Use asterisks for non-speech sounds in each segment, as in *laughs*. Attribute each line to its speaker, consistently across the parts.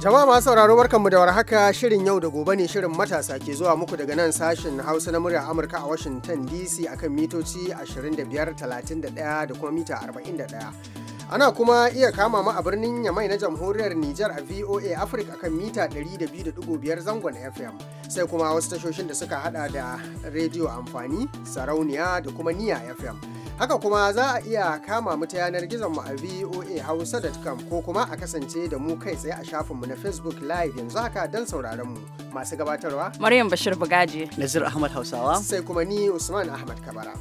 Speaker 1: Jama'a masu sauraro barkanmu da warhaka shirin yau da gobe ne shirin matasa ke zuwa muku daga nan sashen Hausa na murya Amurka a Washington DC akan mitoci 25, 31 da kuma mita 41. Ana kuma iya kama mu a birnin Yamai na jamhuriyar Nijar a VOA Africa akan mita 200.5 zangon FM. Sai kuma wasu tashoshin da suka hada da rediyo amfani, sarauniya da kuma niya FM. Haka kuma za a iya kama mu ta yanar gizon mu a voahausa.com ko kuma a kasance da mu kai tsaye a shafin mu na Facebook Live yanzu haka don sauraron mu. Masu gabatarwa. Maryam
Speaker 2: Bashir Bugaji. Nazir Ahmad Hausawa.
Speaker 1: Sai kuma ni Usman Ahmad Kabara.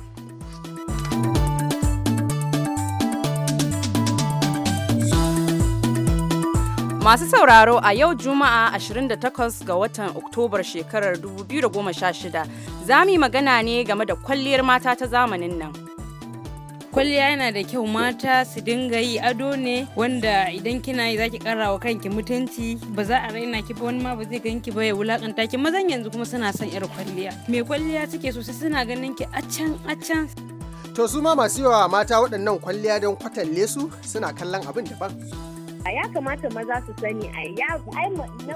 Speaker 2: Masu sauraro a yau Juma'a 28 ga watan Oktobar shekarar 2016 za mu yi magana ne game da kwalliyar mata ta zamanin nan. kwalliya yana da kyau
Speaker 3: mata su dinga yi ado ne wanda idan kina yi zaki kara wa kanki mutunci ba za a raina ki ba wani ma ba zai ganki ba ya wulakanta ki mazan yanzu kuma suna son yar kwalliya me kwalliya suke so suna ganin ki a can a can
Speaker 1: to su ma masu yawa mata waɗannan kwalliya don
Speaker 4: kwatalle su suna kallon abin daban a ya kamata maza su sani a ya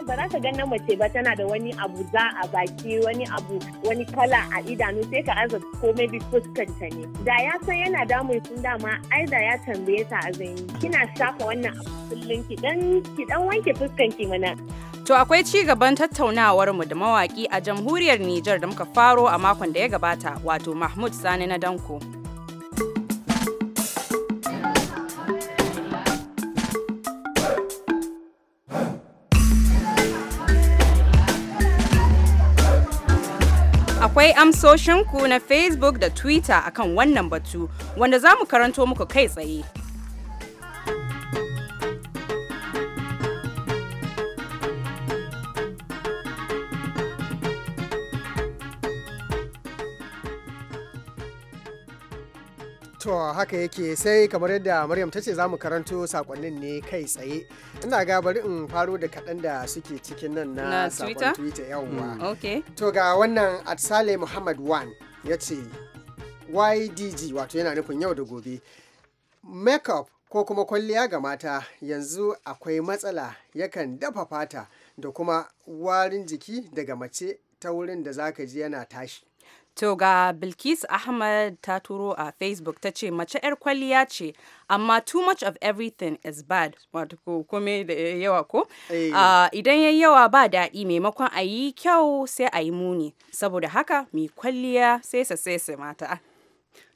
Speaker 4: ba za ka ga na mace ba tana da wani abu za a baki wani abu wani kala a idanu sai ka aza ko maybe fuskanta ne da ya san yana damun sun dama ai da ya tambaye ta a zai kina shafa wannan abu kullum ki dan ki dan wanke fuskanki mana
Speaker 2: To akwai ci gaban tattaunawar mu da mawaki a jamhuriyar Nijar da muka faro a makon da ya gabata wato Mahmud Sani na Danko. Akwai amsoshinku na Facebook da Twitter akan wannan batu, wanda za mu karanto muku kai tsaye.
Speaker 1: To haka yake sai kamar yadda Maryam ta ce za mu karanto sakonnin ne kai tsaye. Ina ga bari in faro da kaɗan da suke cikin nan na sakon Twitter yawwa. Hmm, to ga wannan Atsale Muhammad Wan ya ce YDG wato yana nufin yau da gobe. Makeup ko kuma kwalliya ga mata yanzu akwai matsala yakan dafa fata da kuma warin jiki daga mace ta wurin da zaka ji yana tashi.
Speaker 2: To ga Bilkis Ahmad ta turo a Facebook ta ce mace 'yar kwalliya ce amma too much of everything is bad wato ko kome da yawa ko eh. ah, idan yayi yawa ba daɗi maimakon a yi kyau sai a yi muni saboda haka mai kwalliya sai sa sai mata.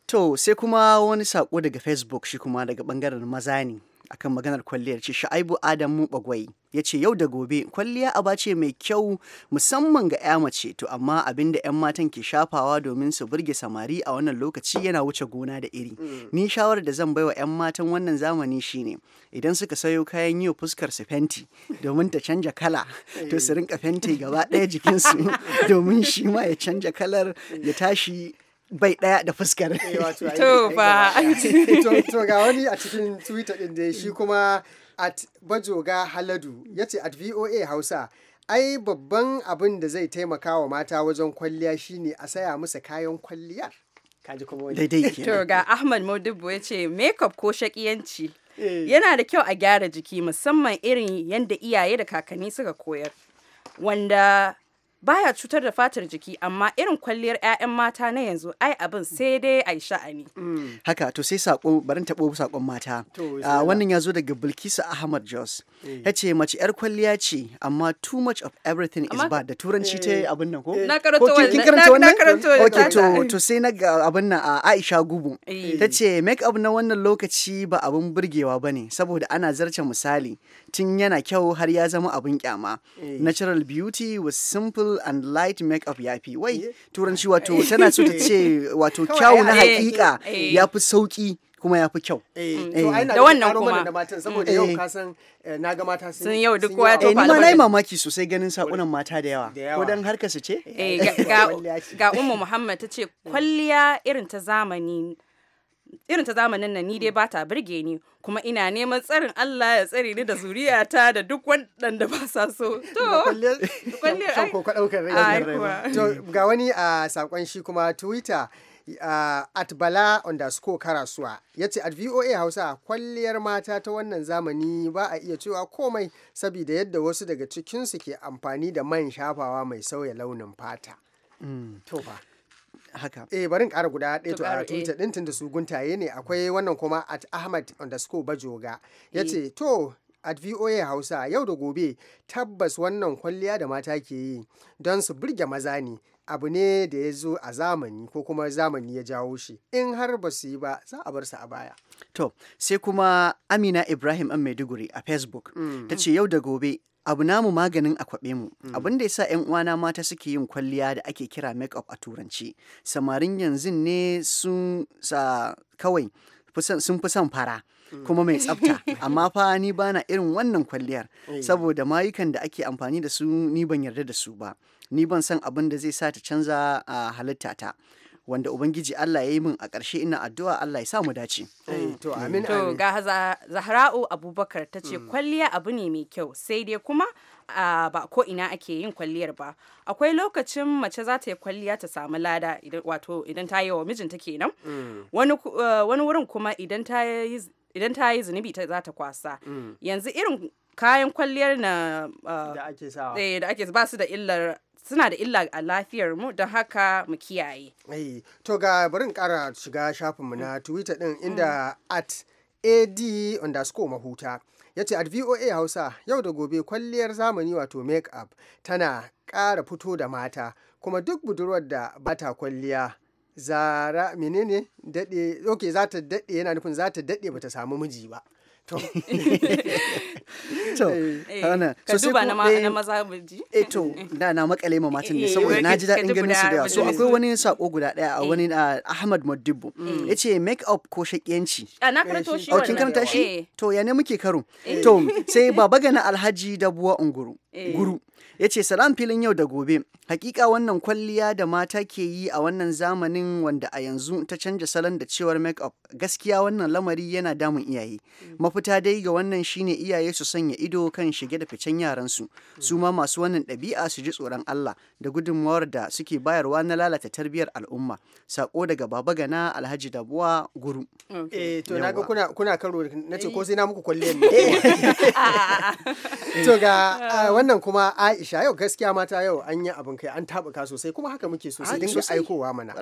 Speaker 5: To sai kuma wani sako daga Facebook shi kuma daga bangaren maza ne akan maganar kwalliyar ce sha'aibu adamu bagwai ya ce yau da gobe kwalliya aba ce mai kyau musamman ga 'ya mace to amma abin da 'yan matan ke shafawa domin su burge samari a wannan lokaci yana wuce gona da iri mm. ni shawarar da zan baiwa 'yan matan wannan zamani shine idan suka sayo kayan yiwa fuskar su fenti domin ta canja kala to su eh. rinka fenti gaba ɗaya jikinsu *laughs* domin shi ma ya canja kalar ya tashi bai ɗaya da fuskar. Eh, *laughs* to
Speaker 2: ba. *laughs* To
Speaker 1: ga wani a cikin Twitter ɗin dai shi kuma at bajoga haladu ya ce at voa hausa ai babban abin da zai taimaka wa mata wajen kwalliya shine a saya musu
Speaker 2: kayan kwalliyar kaji kuma wani daidai to ga ahmad modibo ya ce makeup ko shakiyanci eh. yana da kyau a gyara jiki musamman irin yadda iyaye da kakanni suka koyar wanda baya cutar da fatar jiki amma irin kwalliyar 'ya'yan mata na yanzu ai abin sai dai a yi sha'ani. Mm.
Speaker 5: Haka to sai sako barin taɓo sakon mata. Ah, wannan ya zo daga Bilkisu Ahmad Jos. Eh. Ya ce mace 'yar kwalliya ce amma too much of everything is bad da turanci ta eh. abin nan ko? Eh. Na karanta wannan. Na karanta wannan. to sai na ga abin nan a Aisha Gubu. Ta ce make up na wannan lokaci ba abin burgewa ba ne saboda ana zarce misali tun yana kyau har ya zama abin kyama. Natural beauty was simple and light makeup ya fi wai eh? turanci wato eh. tana so ta ce *laughs* wato kyau na eh. hakika ya fi sauki kuma ya fi kyau. Mm. Da wannan kuma. Da matan saboda yau ka
Speaker 1: san na ga mata sun yau duk kowa to ba na yi
Speaker 5: mamaki sosai ganin sakunan mata da yawa. Ko dan
Speaker 1: harka su ce?
Speaker 2: *laughs* Ga Ummu Muhammad ta ce kwalliya irin ta zamani irin ta zamanin nan ni dai ba ta birge ni kuma ina neman tsarin Allah ya tsare ni da zuriyata da duk waɗanda ba sa so to
Speaker 1: ga *laughs* wani a sakon shi kuma twitter uh, at bala underscore karasuwa ya ce at voa hausa kwalliyar mata ta wannan zamani ba a iya cewa komai saboda yadda wasu daga cikinsu ke amfani da man shafawa mai sauya launin fata. Mm. To ba. haka eh barin kara guda ɗaya to a twitter eh. ɗin da su guntaye ne akwai mm. wannan kuma at ahmad underscore bajoga ya eh. ce to at voa hausa yau da gobe tabbas wannan kwalliya da mata ke yi don su burge maza ne abu ne da ya zo a zamani ko kuma zamani ya jawo shi in har ba su yi ba za a bar su a baya to
Speaker 5: sai kuma amina ibrahim an maiduguri a facebook mm. ta ce yau da gobe abu namu maganin a kwaɓe mu mm. abin da yasa yan uwana mata suke yin kwalliya da ake kira make up a turanci samarin yanzu ne sun sa kawai sun fi son fara mm. kuma mai tsafta *laughs* amma fa ni bana irin wannan kwalliyar saboda mayukan da ake amfani da su ni ban yarda da su ba ni ban san abin da zai sa ta canza a ah, halitta ta wanda ubangiji Allah ya yi min a ƙarshe ina addu'a Allah ya sa mu dace eh, mm. to amin to ga
Speaker 2: zahra'u abubakar ta ce mm. kwalliya abu ne mai kyau sai dai kuma ba ko ina ake yin kwalliyar ba akwai lokacin mace za ta yi kwalliya ta samu lada wato idan ta yi wa mijinta kenan mm. eh, wani wurin kuma idan ta yi zunubi ta za ta kwasa yanzu irin kayan kwalliyar na ah, da ake sawa eh, da ake ba su da illar suna da illa a lafiyar mu don haka mu kiyaye.
Speaker 1: Hey, eh, to ga barin kara shiga shafin mu na mm. Twitter din inda mm. at ad underscore mahuta ya ce at voa hausa yau da gobe kwalliyar zamani wato make up tana kara fito da mata kuma duk budurwar da bata kwalliya zara menene dade okay za ta dade yana nufin za ta dade bata samu miji ba to *laughs* to eh,
Speaker 2: so sai eh, na maza ji
Speaker 5: eh to da na makale ma matan ne eh, saboda na ji daɗin ganin su da so akwai wani sako guda daya a wani Ahmad Modibo mm. yace make up ko shakiyanci a na karanto shi oh, wannan kin karanta shi to ya ne muke karo to sai baba gana Alhaji Dabuwa Unguru guru ya ce salam filin yau da gobe hakika wannan kwalliya da mata ke yi a wannan zamanin wanda a yanzu ta canja salon da cewar make up gaskiya wannan lamari yana damun iyaye mm. mafita dai ga wannan shine iyaye su sanya ido kan shige da ficen yaran su mm. su ma masu wannan ɗabi'a su ji tsoron Allah da gudunmawar da suke bayarwa na lalata tarbiyyar al'umma sako daga baba gana alhaji dabuwa guru
Speaker 1: eh to naga kuna kuna karo nace ko eh. sai na muku kwalliyar *laughs* ne *laughs* *laughs* to ga ah. wannan kuma Aisha Aisha yau gaskiya mata yau an yi abin kai an tabuka sosai kuma haka muke so sai dinga aikowa mana.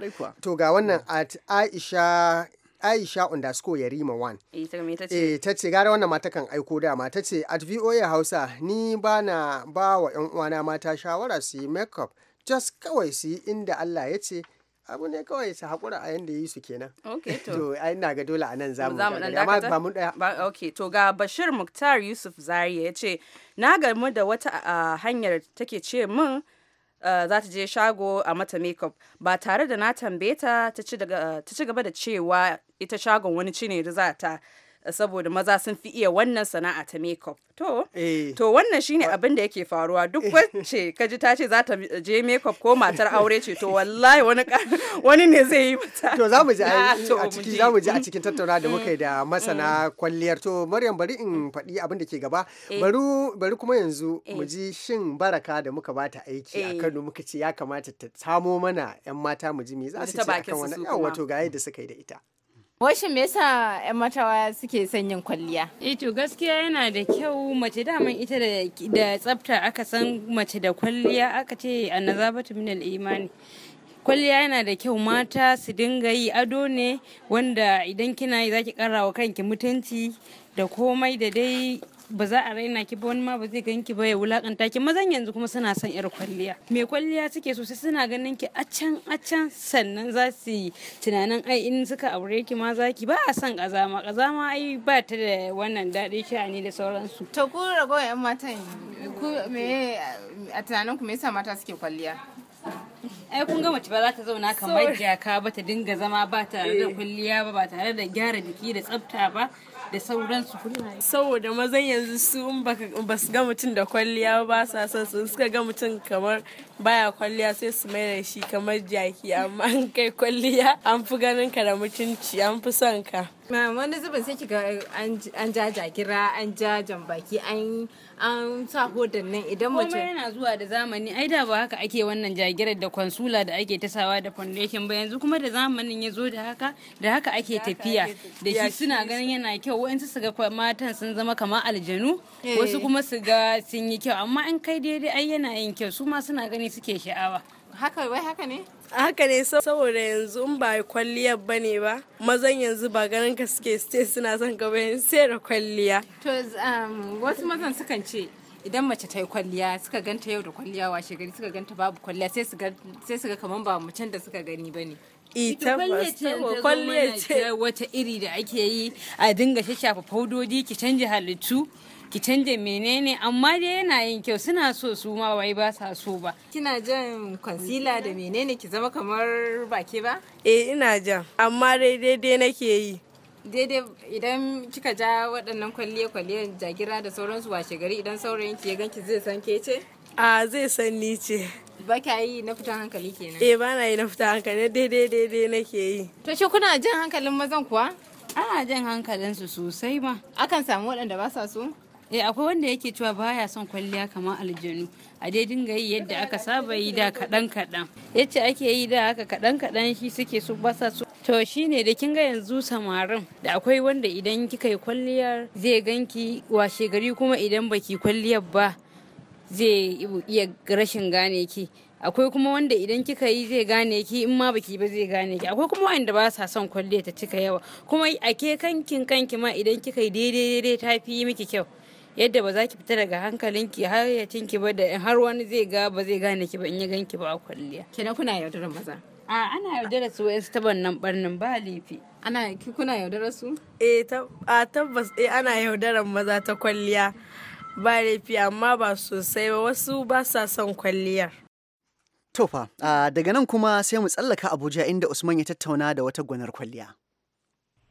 Speaker 1: To ga wannan mm. at Aisha Aisha underscore Yarima one.
Speaker 2: Eh, eh
Speaker 1: ta ce gara wannan mata kan aiko dama ta ce at VOA Hausa ni ba na ba wa 'yan uwana mata shawara su yi makeup just kawai su yi inda Allah ya ce abu ne kawai su haƙura a yanda yi su kenan okay *laughs* to ai ina ga dole a nan za mu amma ba mu
Speaker 2: ɗaya okay to ga Bashir Muktar Yusuf Zariya ya ce na gamu da wata hanyar take ce min za ta je shago a mata makeup ba tare da na tambaye ta ci gaba da cewa ita shagon wani ne da za ta saboda maza sun fi iya wannan sana'a ta makeup to eh. to wannan shine abin da yake faruwa duk eh. wacce kaji ta ce za ta je makeup ko matar aure ce to wallahi wani wani ne zai yi mata
Speaker 1: to za mu ji a ciki za mu ji a cikin tattauna da muka yi da mm. masana mm. kwalliyar to Maryam bari in mm. faɗi abin da ke gaba eh. bari kuma yanzu mu ji shin baraka da muka bata aiki a Kano muka ce ya kamata ta samo mana 'yan mata mu ji me za su ce akan wannan yawa to ga yadda suka yi da ita
Speaker 3: Washin me yasa 'yan matawa suke son yin kwalliya? Eh to gaskiya yana da kyau mace daman ita da tsafta aka san mace da kwalliya aka ce annazabatu minal imani. kwalliya yana da kyau mata su dinga yi ado ne wanda idan kina yi zaki ki wa kanki mutunci da komai da dai ba za a raina ki ba wani ma ba zai ganki ba ya wulakanta ki mazan yanzu kuma suna son yar kwalliya me kwalliya suke so sai suna ganin ki a can a can sannan za su yi tunanin ai in suka aure ki ma za ki ba a son kazama kazama ai ba ta da wannan daɗi sha'ani da sauransu to ku rago yan matan ku me a tunanin ku me yasa mata suke kwalliya ai kun ga mace ba za ta zauna kamar jaka ba ta dinga zama ba tare da kwalliya ba ba tare da gyara jiki da tsafta ba da sauransu saboda mazan yanzu su ba su ga mutum da kwalliya ba sa son su suka ga mutum kamar baya kwalliya sai su mai da shi kamar jaki amma an kai kwalliya an fi ganin ka da mutunci an fi son ka wani zubin sai kika an ja jagira an ja jambaki an sa hodan nan idan mace kuma yana zuwa da zamani ai da ba haka ake wannan jagirar da kwansula da ake tasawa da foundation ba yanzu kuma da zamanin ya zo da haka da haka ake tafiya da shi suna ganin yana kyau wa'ansu su ga matan sun zama kamar aljanu eh. wasu kuma su ga sun yi kyau amma an kai daidai ai yana yin kyau su ma suna ganin mutane suke sha'awa haka wai haka ne haka ne saboda yanzu in ba kwalliya ba ne ba mazan yanzu ba ganin ka suke ste suna son ka bayan sai da kwalliya to um, wasu mazan sukan ce idan mace ta yi kwalliya suka ganta yau da kwalliya washe gari suka ganta babu kwalliya sai suka kamar ba macen da suka gani ba ne
Speaker 4: e, ita kwalliya
Speaker 3: ce wata iri da ake yi a dinga shashafa faudodi ki canja halittu ki canje menene amma dai yana yin kyau suna so su ma wai ba sa so ba kina jan kwansila da menene ki zama kamar baki ba eh ina jan amma dai daidai nake yi daidai idan kika ja waɗannan kwalliye kwalliya jagira da sauransu washe gari idan saurayin ya ganki zai san ke ce a zai san ni ce ba ka yi na fitan hankali kenan eh ba na yi na fitan hankali daidai daidai nake yi to shi kuna jan hankalin mazan kuwa ana jan hankalinsu sosai ma akan samu waɗanda ba sa so eh akwai wanda yake cewa baya son kwalliya kamar aljanu a dai dinga yi yadda aka saba yi da kaɗan kaɗan yace ake yi da aka kaɗan kadan shi suke su basa su to shine da kinga yanzu samarin da akwai wanda idan kika yi kwalliyar zai ganki washe gari kuma idan baki kwalliyar ba zai iya rashin gane ki akwai kuma wanda idan kika yi zai gane ki in ma baki ba zai gane ki akwai kuma wanda ba sa son kwalliya ta cika yawa kuma a kankin kanki ma idan kika yi daidai daidai ta fi miki kyau yadda ba za ki fita daga hankalinki har ya tinki ba da har wani zai ga ba zai gane ki ba in ya ganki ba a kwalliya Kina kuna yaudarar maza a ana yaudarar su wayansu ta bannan barnin ba laifi ana kuna yaudarar su eh a tabbas eh ana yaudarar maza ta kwalliya ba laifi amma ba sosai ba wasu ba sa son kwalliyar
Speaker 5: tofa daga nan kuma sai mu tsallaka abuja
Speaker 1: inda usman ya tattauna da wata gwanar kwalliya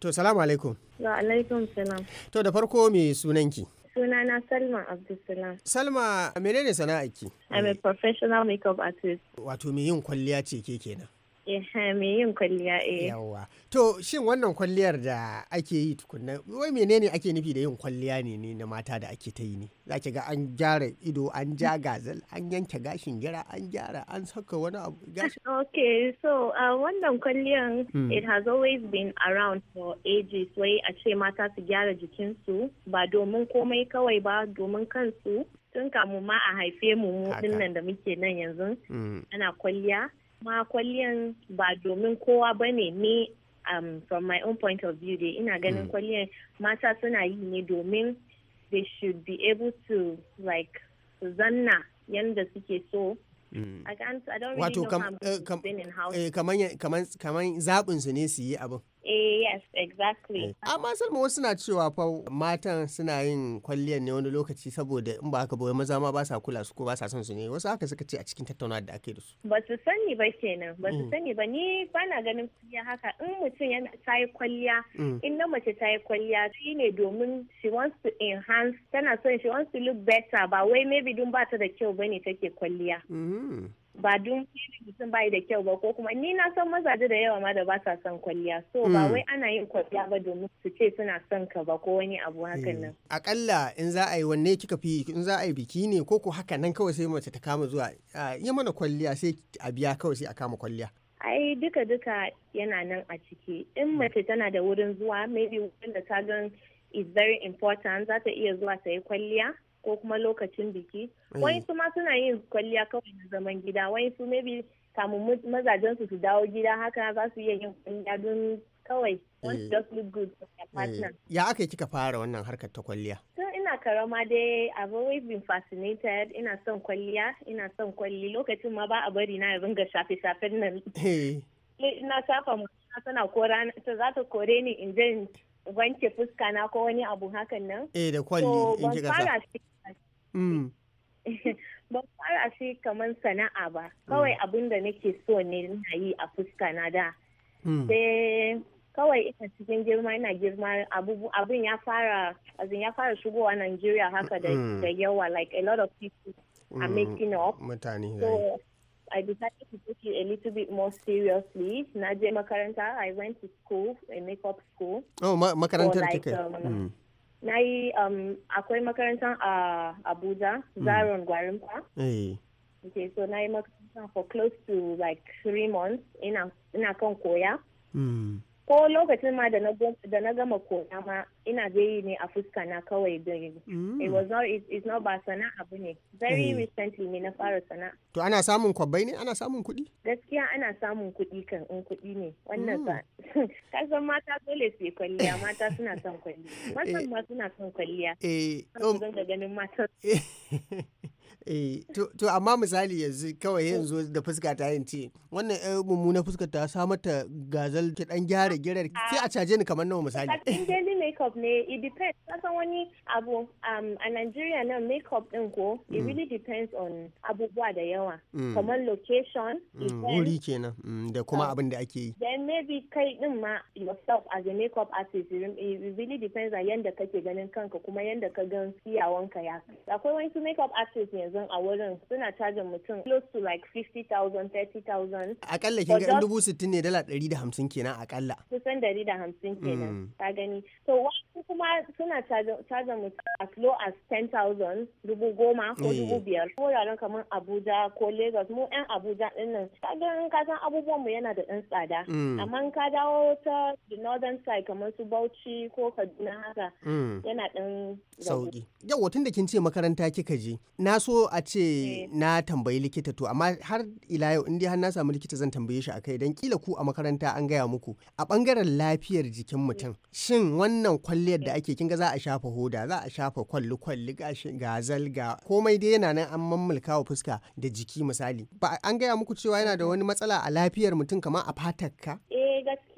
Speaker 1: to salamu alaikum
Speaker 4: wa alaikum salam
Speaker 1: to da farko me sunanki
Speaker 4: Suna na Salma Abdulsalam.
Speaker 1: Salma menene sana'a ki? I'm a
Speaker 4: professional makeup artist.
Speaker 1: Wato me yin kwalliya ce ke kenan?
Speaker 4: Eh, *laughs* me yin kwalliya eh yawa to shin wannan kwalliyar
Speaker 1: da ake yi tukunna wai menene ake nufi da yin kwalliya ne ne na mata da ake ta yi ne zaki ga an gyara ido an ja mm. gazal an yanke gashin gira an gyara an saka wani abu
Speaker 4: *laughs* okay so uh, wannan kwalliyar mm. it has always been around for ages wai a ce mata su gyara jikinsu ba domin komai kawai ba domin kansu tun kamu ma a haife mu nan da muke nan yanzu
Speaker 6: mm. ana
Speaker 4: kwalliya kuma kwalliyan ba domin kowa ba ne ni um, from my own point of view dai ina ganin mm. kwalliyan mata suna yi ne domin they should be able to like zanna yadda suke so wato
Speaker 1: kaman kamar su ne su yi abin
Speaker 4: e yes, exactly. Eh,
Speaker 1: amma Salma wasu na cewa fa matan suna yin kwalliyar ne wani lokaci saboda in ba haka ba maza ma ba sa kula su ko ba sa son su ne wasu haka suka ce a cikin tattaunawa da ake da su.
Speaker 4: Ba su sani ba kenan, ba su mm. sani ba ni ba na ganin kuya haka in mutum yana ta yi kwalliya mm. in na mace ta yi kwalliya shi ne domin she wants to enhance tana son she wants to look better ba wai maybe dun ba ta da kyau bane take kwalliya. Mm. ba dun mutum bai da kyau ba ko kuma ni na san mazaje da yawa ma da ba sa son kwalliya so ba mm. wai ana yin kwalliya ba domin su ce suna son ka ba ko wani abu hakan nan eh,
Speaker 1: akalla in za a yi wanne kika fi in za a yi biki ne ko ko haka nan kawai sai mace ta kama zuwa yi mana kwalliya sai a biya kawai sai a kama kwalliya
Speaker 4: ai duka duka yana nan a ciki in mm. mace tana da wurin zuwa maybe wanda ta ga is very important za ta iya zuwa ta yi kwalliya ko kuma lokacin biki mm. wani su ma suna yin kwalliya kawai na zaman gida wani su maybe kamun mazajen su su dawo gida haka za su iya yin kwalliya don kawai Wani mm. just look good partner mm.
Speaker 1: ya aka kika fara wannan harkar ta kwalliya
Speaker 4: tun ina karama dai I've always been fascinated ina son kwalliya ina son kwalli lokacin ma ba a bari na ringa shafe shafen nan ina shafa mutuna tana kora ta za ta kore ni in je wanke fuska na ko wani abu hakan nan eh da kwalli in ji gasa Mm. *laughs* Ba fara shi kamar sana'a ba, kawai mm. abin da nake so ne na yi a fuska na da. Mm. kawai ina cikin girma ina girma abin ya fara azin ya fara shigowa Najeriya haka da yawa like a lot of people are making up. Mutane. So, I decided to take it a little bit more seriously. Na je makaranta, I went to school, a makeup school. Oh, makarantar like, um, na yi um, akwai makarantar a uh, abuja hmm. zaron gwarimpa hey. Eh. okay, so na yi makaranta for close to like three months ina kan koya mm. ko lokacin ma da na gama kona ma ina zai ne a fuska na kawai doing mm. it was not it, it's not ba sana'a abu ne very mm. recently ne na fara sana'a
Speaker 1: to ana samun kwabbai ne ana samun kuɗi
Speaker 4: gaskiya ana samun kuɗi kan in kuɗi ne wannan mm. ba *laughs* kasan mata dole su kwalliya *laughs* mata suna son kwalliya matan eh. ma suna son kwalliya eh um, ga ganin matan *laughs* eh,
Speaker 1: Eh, to amma misali yanzu kawai yanzu da fuska ta yin ce wannan yan mummuna fuska ta sa mata gazal ki dan gyara girar ah. sai a caje ni kamar nawa misali in
Speaker 4: daily makeup ne it depends kasan wani abu um, a Nigeria nan makeup din ko it mm. really depends on abubuwa da yawa mm. kamar location mm, wuri
Speaker 1: kenan da kuma ah. abin da ake
Speaker 4: yi then maybe kai din ma yourself as a makeup artist it really depends on yanda kake ganin kanka kuma yanda ka gan siyawanka ya akwai wani makeup artist ne yanzu a wurin suna cajin mutum close to like 50,000 30,000
Speaker 1: akalla kin ga dubu sittin ne dala ɗari da hamsin kenan akalla
Speaker 4: kusan ɗari da hamsin kenan mm. gani so wasu kuma suna cajin mutum as low as 10,000 dubu goma ko eh. dubu biyar wuraren kamar abuja ko lagos mu yan abuja ɗin nan ka gani ka san abubuwan mu yana da ɗan tsada mm. amma ka dawo ta the northern side kamar su bauchi ko kaduna haka mm. yana ɗan sauƙi
Speaker 1: Yau tun da kin ce makaranta kika je na so so a ce eh. na tambayi likita to amma har ila yau in dai har na samu likita zan tambaye shi akai dan kila ku a makaranta an gaya muku a bangaren lafiyar jikin eh. mutum shin wannan kwalliyar da eh. ake kinga za a shafa hoda za a shafa kwalli kwalli ga zalga komai dai yana nan an mammulka wa fuska da jiki misali ba an gaya muku cewa yana da mm-hmm. wani matsala a lafiyar mutum kamar a fatar ka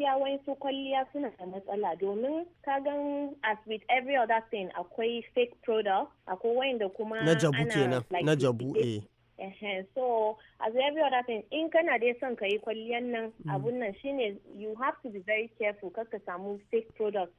Speaker 4: gaskiya wayansu kwalliya suna da matsala domin ka gan as with every other thing akwai fake product akwai wayanda kuma na jabu kenan na
Speaker 1: jabu eh
Speaker 4: so as every other thing in kana dai son ka yi kwalliyan nan mm. abun nan shine you have to be very careful kar ka samu fake product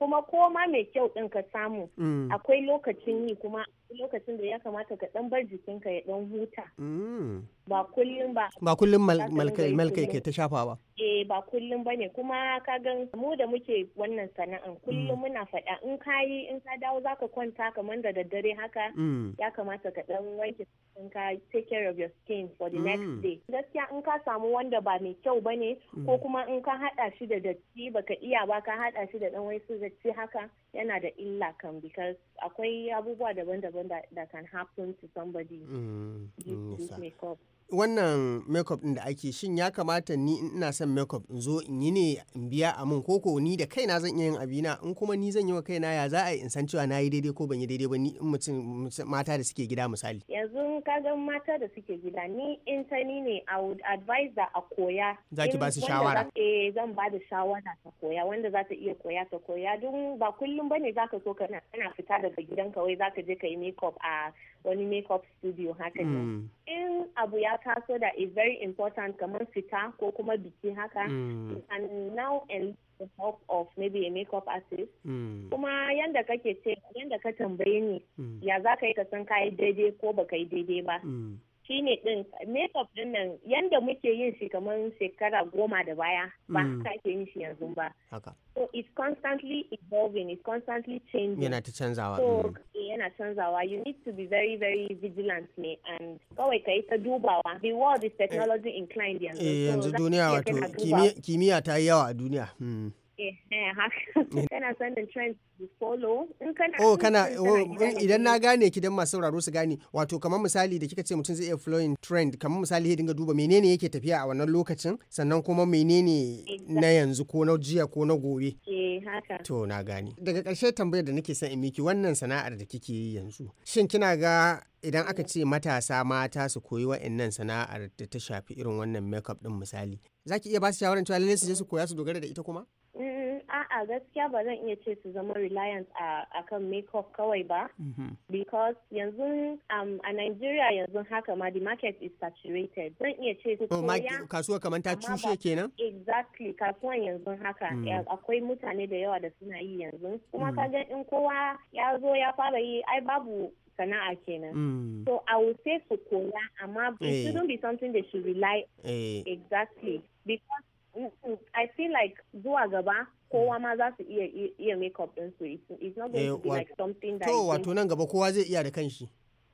Speaker 4: kuma koma mai kyau ɗin ka samu mm. akwai lokacin yi kuma lokacin da ya kamata ka ɗan bar jikinka ya ɗan huta
Speaker 1: mm.
Speaker 4: ba kullum ba ba kullum malkai ke ta shafa ba eh ba kullum ba ne kuma ka gan mu da muke wannan sana'an kullum mm. muna faɗa in ka yi in ka dawo zaka kwanta kamar da daddare haka ya kamata ka ɗan wanke in ka take care of your skin for the next day gaskiya in ka samu wanda ba mai kyau ba ne ko kuma in ka haɗa shi da datti baka iya ba ka haɗa shi da ɗan waisu da ce haka yana da illa kan because akwai abubuwa daban-daban da can happen to somebody mm,
Speaker 1: mm makeup wannan makeup din da ake shin ya kamata ni in ina son makeup in zo in yi ne in biya a mun koko ni da kaina zan iya yin abina in kuma ni zan yi wa kaina ya za a in san cewa na yi daidai ko ban yi daidai ba ni in mutum mata da suke gida misali
Speaker 4: yanzu ka ga mata da suke gida ni in ta ni ne a would advise da a koya ki ba su eh, shawara eh zan ba da shawara ta koya wanda za ta iya koya ta koya don ba kullum bane ka so kana kana fita daga gidanka wai ka je ka yi makeup a wani makeup studio haka ne hmm. in abu ya taso da is very important kamar fita ko kuma biki haka mm. and now and the help of maybe a makeup artist
Speaker 6: mm. kuma
Speaker 4: yanda kake ce yanda ka tambaye ni mm. ya za ka yi ka san ka yi daidai ko ba ka yi daidai ba ne din makeup din nan yanda muke yin shi kamar shekara goma da baya ba ka mm. ke yin shi yanzu ba so it's constantly evolving it's constantly changing yana
Speaker 1: ta canzawa so mm.
Speaker 4: eh, yana canzawa you need to be very very vigilant ne and kawai ka yi ta dubawa the world is eh. technology inclined yanzu eh, yanzu duniya wato
Speaker 1: kimiyya ta yi yawa a duniya mm.
Speaker 4: Eh, eh, eh. kana sanin trend follow oh, oh, idan
Speaker 1: na gane ki masu sauraro su gane wato kamar misali da kika ce mutum zai iya flowing trend kamar misali ya dinga duba menene yake tafiya a wannan lokacin sannan kuma menene na yanzu ko na jiya ko na gobe to na gane daga ƙarshe tambayar da nake son in miki wannan sana'ar da kike yi yanzu shin kina ga idan aka ce matasa mata su koyi wa'annan sana'ar da ta shafi irin wannan makeup din misali zaki iya ba su shawaran cewa lallai su je su koya su dogara da ita kuma
Speaker 4: a'a gaskiya ba zan iya ce su zama reliant a kan makeup kawai ba mm-hmm. because yanzu um, a Nigeria yanzu haka ma the market is saturated zan iya ce su
Speaker 1: kasuwa kamar ta cushe kenan
Speaker 4: exactly kasuwan yanzu haka mm. eh, akwai mutane da yawa da suna yi yanzu kuma mm. ka ga in kowa ya zo ya fara yi ai babu sana'a kenan. Mm. So I would say su koya amma it eh. shouldn't be something they should rely eh. exactly because I feel like zuwa gaba kowa mm. ma za su iya iya make up din su it's not going eh, to be like something that to wato
Speaker 1: nan gaba kowa zai iya da kanshi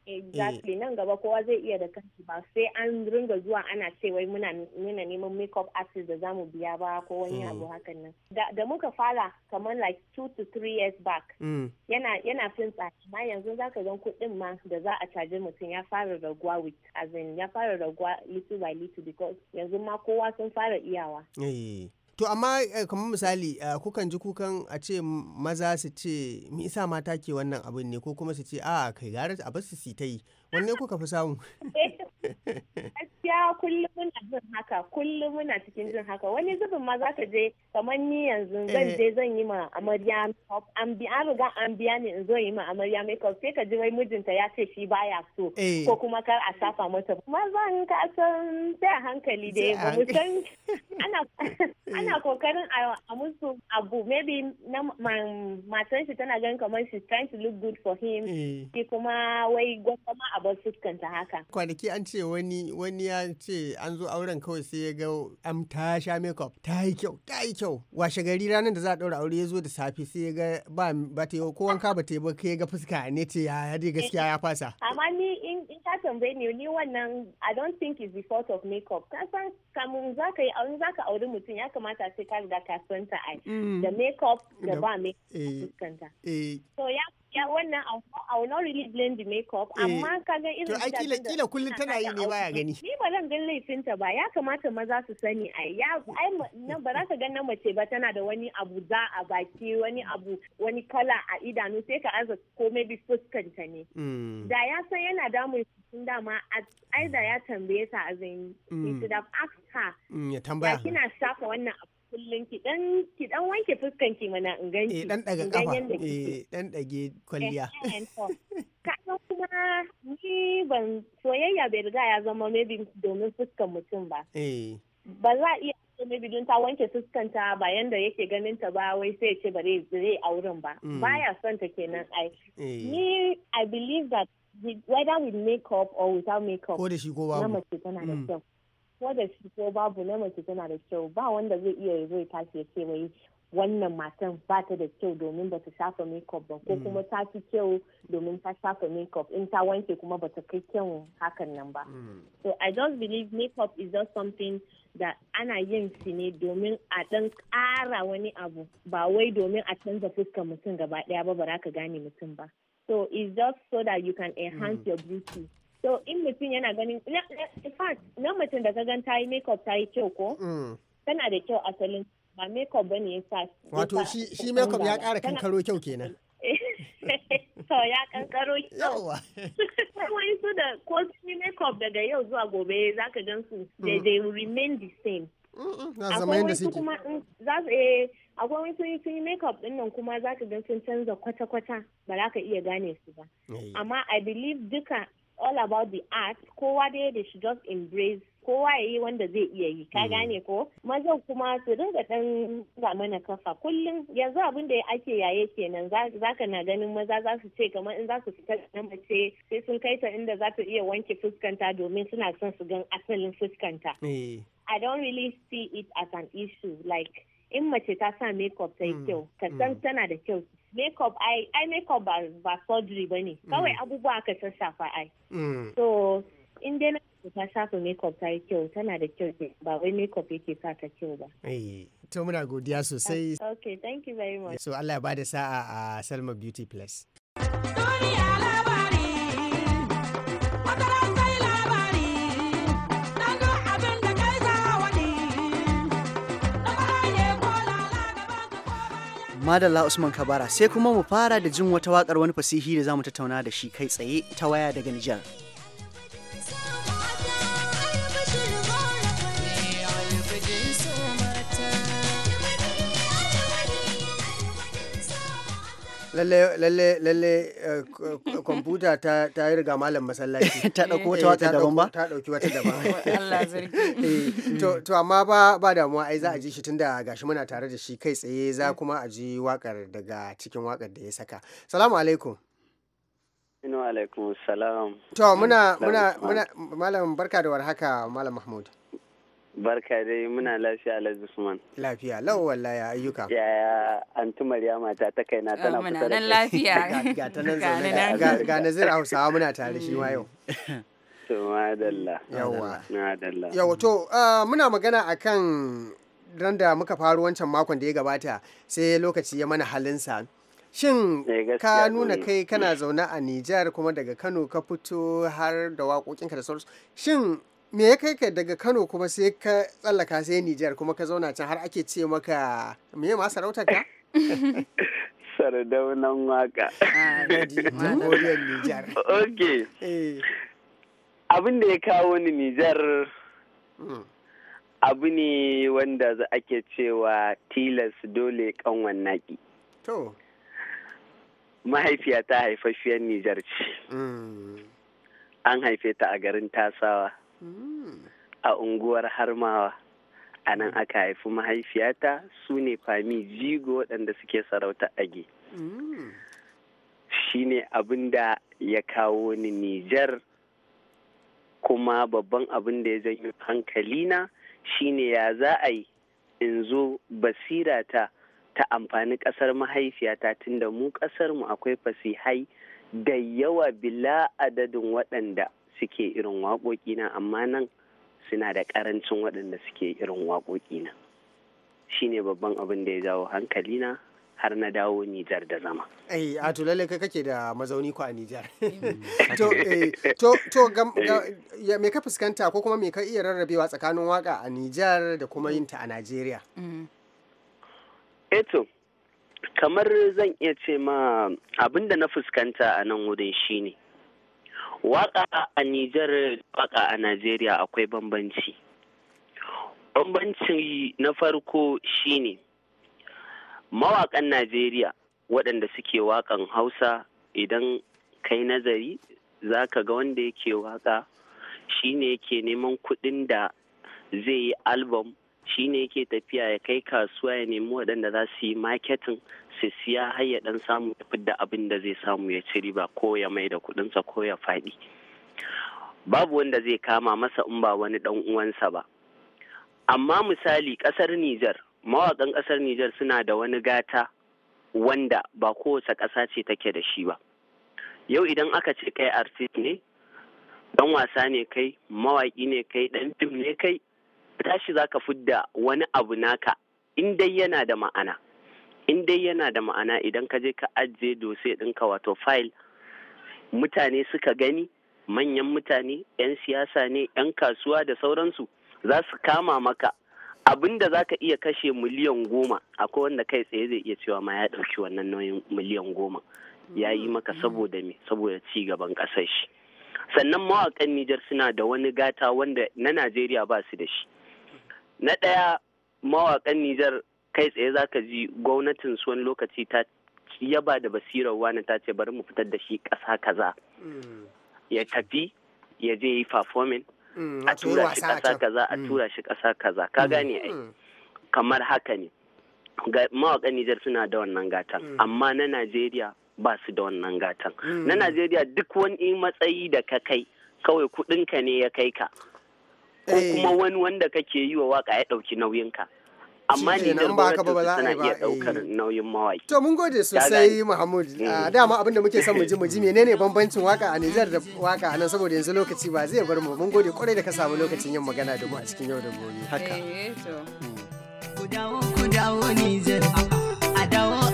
Speaker 4: exactly eh. nan gaba kowa zai iya da kanshi ba sai an ringa zuwa ana ce wai muna muna neman makeup artist da zamu biya ba ko wani mm. abu hakan nan da muka fara kamar like two to three years back mm. yana yana fin tsaki ma yanzu zaka gan kuɗin ma da za a caje mutum ya fara raguwa with as in ya fara raguwa little by little because yanzu ma kowa sun fara iyawa
Speaker 1: eh. to amma eh, kamar misali eh, kukan ji kukan a ce maza su ce me isa mata ke wannan abin ne ko kuma su ce a kai gara a basu su ta wanne kuka fi samu
Speaker 4: *laughs* gaskiya kullum muna jin haka kullum muna cikin jin haka wani zubin ma za ka je kamar ni yanzu zan eh. je zan yi ma amarya an bi an riga an biya ne in zo yi ma amarya makeup sai ka ji wai mijinta ya ce shi baya so eh. ko kuma kar a safa mata kuma zan ka san sai a hankali dai ba mu san *laughs* ana ana eh. kokarin a musu abu maybe na matan shi tana ganin kamar she trying to look good for him shi kuma wai gwamma a bar fuskanta haka
Speaker 1: kwanaki an ce wani wani ya ya ce an zo auren kawai sai ya ga am ta sha makeup ta yi kyau ta yi kyau washe gari ranar da za a ɗaura aure ya zo da safe sai ya ga ba ba ta yi ko wanka ba ta yi ba kai ga fuska ne ce ya dai gaskiya ya fasa.
Speaker 4: Amma ni in ta tambaye ni ni wannan I don't think it's the fault of makeup. Ka san kamun za ka yi aure za ka auri mutum ya kamata sai ka riga ka san ta ai. Da makeup da ba makeup eh, fuskanta. Eh. So ya gaskiya wannan I will really blend the makeup eh, amma ka kaga irin to ai kila kila kullun tana yi ne baya gani *laughs* ni ba zan ga laifin ta ba ya kamata maza su sani ai ya ai ba za ka ga na mace ba tana da wani abu za a baki wani abu wani kala a idanu sai ka aza ko maybe fuskanta ne mm. da ya san yana damun sun dama ai da ya tambaye ta azin mm. he should have her
Speaker 1: mm, ya tambaya kina
Speaker 4: shafa wannan abu kullum ki dan ki dan wanke fuskanki ki mana in gan eh dan daga kafa
Speaker 1: eh dan dage kwalliya
Speaker 4: eh, *laughs* kaga kuma ni ban soyayya bai riga ya zama maybe domin fuskan mutum ba eh ba za a iya maybe don ta wanke fuskanta ba yanda yake ganin ta ba wai sai ce bare zai wurin ba mm. baya son ta kenan ai eh. ni i believe that whether with makeup or without makeup ko da shi ko babu na mace tana da mm. kyau ko da shi ko babu na mace tana da kyau ba wanda zai iya zai tashi ya ce wai wannan matan ba ta da kyau domin ba ta shafa makeup ba ko mm. kuma ta fi kyau domin ta shafa makeup in ta wanke kuma ba ta kai kyau hakan nan ba mm. so i just believe makeup is just something da ana yin shi ne domin a dan ƙara wani abu ba wai domin a canza fuskar mutum gaba ɗaya ba ba ka gane mutum ba so it's just so that you can enhance mm. your beauty so in mutum yana ganin in fact nan mutum da gan ta yi makeup ta yi kyau ko mm. tana da kyau asalin ba makeup bane ya sa wato shi makeup ya ƙara kankaro kyau kenan So *laughs* ya kankaro kyau Yawa. *laughs* su da ko sun yi makeup daga yau zuwa gobe za ka gan su they mm. remain the same eh, akwai wasu kuma za akwai wasu sun yi sun yi makeup din nan kuma za ka gan sun canza kwata-kwata ba za ka iya gane su ba amma i believe duka all about the art kowa dai da shi just embrace kowa ya yi wanda zai iya yi ka mm. gane ko mazan kuma su dinga ɗan ga mana kafa kullum yanzu abin da ake yaye kenan za ka na ganin maza za su ce kamar in za su fita na mace sai sun kai ta inda za ta iya wanke fuskanta domin suna son su gan asalin fuskanta eh. I don't really see it as an issue like in mace ta sa makeup ta yi mm, kyau ka mm. san tana da kyau makeup ai ai makeup ba ba surgery ne mm. kawai abubuwa ka sassafa ai so in dai na ta shafa makeup ta yi kyau tana da kyau ba wai makeup yake sa ta kyau ba
Speaker 1: eh, to muna godiya sosai
Speaker 4: okay thank you very much so
Speaker 1: Allah ya bada sa'a a Salma Beauty Plus
Speaker 5: Madalla Usman Kabara sai kuma mu fara da jin wata wakar wani fasihi da zamu tattauna da shi kai tsaye ta waya daga Nijar.
Speaker 1: lalle eh, kwamfuta ta yi riga malam masallaci *laughs* ta dauko wata eh, wata daban ba ta dauki *laughs* wata daban Allah *laughs* eh, to to amma ba ba damuwa ai za a ji shi tunda gashi muna tare da shi kai tsaye za mm. kuma a ji wakar daga cikin wakar da ya saka salamu alaikum
Speaker 7: Inu alaikum salam. To muna muna muna malam barka da warhaka malam Mahmud. Barka dai muna lafiya Alhaji Usman.
Speaker 1: Lafiya lau wallahi ayyuka.
Speaker 7: Ya antu Maryama ta ta kaina tana kusa da nan lafiya. Ga ta nan zaune ga Nazir
Speaker 1: Hausawa muna tare shi ma yau.
Speaker 7: Yawwa.
Speaker 1: Yawwa to ah, muna magana akan ran da muka faru wancan makon da ya gabata sai lokaci ya mana halinsa. Shin eh, ka nuna kai kana zaune a Nijar kuma daga Kano ka fito har da waƙoƙinka da sauransu. Shin me ya kai ka daga Kano kuma sai ka tsallaka sai Nijar kuma ka zauna can har ake ce maka me ma sarautar ka?
Speaker 7: Sardaunan waka. Ah, eh. Abin da ya kawo ni Nijar hmm. abu ne wanda ake cewa tilas dole kan wannaki To. Mahaifiya ta Nijar ce. Hmm. An haife ta a garin Tasawa. a unguwar harmawa a nan aka haifi mahaifiyata su ne fami jigo waɗanda suke sarauta age shi ne abin da ya kawo ni nijar kuma babban abin da ya janyo hankalina shine ya za a yi in zo basira ta amfani ƙasar mahaifiyata tunda mu mu akwai fasihai da yawa bila adadin waɗanda suke irin waƙoƙi na amma nan suna da ƙarancin waɗanda suke irin waƙoƙi na shine babban abin da ya jawo hankali na har na dawo Nijar da zama.
Speaker 1: ai eh, a to lalle kai kake da mazauni ko a Nijar. Mm-hmm.
Speaker 7: *laughs* *laughs* Eh, to to to
Speaker 1: me ka fuskanta ko kuma me ka iya rarrabewa tsakanin waka a Nijar da kuma yin ta a Najeriya?
Speaker 7: Mm-hmm. eto eh, kamar zan iya ce ma abin da na fuskanta a nan wurin shine waka a Nijar waka a Najeriya akwai bambanci. Bambanci na farko shine mawakan Najeriya waɗanda suke wakan Hausa idan kai nazari za ka ga wanda yake waka shine yake neman kuɗin da zai yi album shi ne yake tafiya ya kai kasuwa ya nemi waɗanda za su yi maketin su siya har ya dan samu ya fidda abin da zai samu ya ci riba ko ya mai da kuɗinsa ko ya faɗi babu wanda zai kama masa in ba wani ɗan uwansa ba amma misali ƙasar Nijar mawakan ƙasar Nijar suna da wani gata wanda ba kowace ƙasa ce take da shi ba yau idan aka ce kai artist ne Ɗan wasa ne kai mawaƙi ne kai dan fim ne kai tashi za ka fidda wani abu naka in dai yana da ma'ana in dai yana da ma'ana idan ka je ka ajiye dose ɗinka wato fayil mutane suka gani manyan mutane 'yan siyasa ne 'yan kasuwa da sauransu za su kama maka abin da za ka iya kashe miliyan goma akwai wanda kai tsaye zai iya cewa ma ya ɗauki wannan nauyin miliyan goma ya yi maka mm. saboda me saboda ci gaban ƙasar shi sannan mawaƙan Nijar suna da wani gata wanda na Najeriya ba su da shi na ɗaya mawaƙan Nijar kai tsaye za ka ji gwamnatin su wani lokaci ta yaba da basirar wani ta ce bari mu fitar da shi ƙasa kaza mm. ya tafi ya je yi performing
Speaker 6: mm, a tura shi ƙasa kaza
Speaker 7: a mm. tura shi ƙasa kaza ka gane ai kamar haka ne mawaƙan Nijar suna da wannan gatan amma na Najeriya ba su da wannan gatan na Najeriya duk wani matsayi da ka kai kawai kuɗinka ne ya kai ka ko eh. kuma wani wanda kake yi wa waka ya ɗauki nauyinka. amma ne nan ba ba za a yi ba eh. nauyin mawaki to
Speaker 1: mun gode sosai Muhammad eh. ah, dama abin da muke son mu ji mu ji menene bambancin waka a Nijar da waka a nan saboda yanzu lokaci ba zai bar mu mun gode kwarai da ka samu lokacin yin magana da mu a cikin yau da gobe haka
Speaker 3: hmm. ku dawo
Speaker 7: ku dawo Nijar a dawo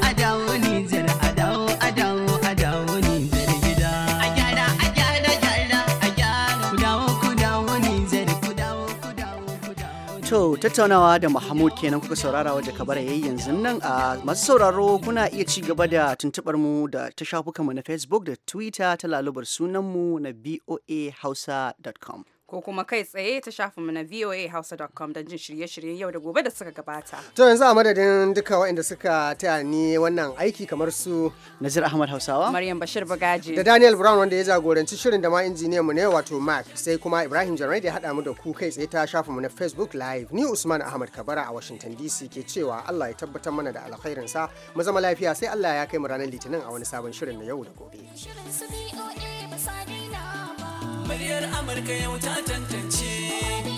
Speaker 5: tattaunawa da Mahmud kenan kuka saurara wajen kabara yayi yanzu nan a masu sauraro kuna iya ci gaba da tuntubar mu da ta shafukanmu na Facebook da Twitter ta lalubar sunan mu na boahausa.com.
Speaker 2: ko kuma kai tsaye ta shafinmu na voahausa.com don jin shirye-shiryen yau da gobe da suka gabata.
Speaker 1: To yanzu a madadin duka waɗanda suka taya ni wannan aiki kamar su Nazir Ahmad Hausawa,
Speaker 2: Maryam Bashir Bagaji, da Daniel
Speaker 1: Brown wanda ya jagoranci shirin da ma injiniyan mu ne wato Mark, sai kuma Ibrahim Jarai da ya haɗa mu da ku kai tsaye ta shafinmu na Facebook Live. Ni Usman Ahmad Kabara a Washington DC ke cewa Allah ya tabbatar mana da alkhairinsa, mu zama lafiya sai Allah ya kai mu ranar Litinin a wani sabon shirin na yau da gobe.
Speaker 6: Shirin su Muryar Amurka yau
Speaker 1: ta tantance.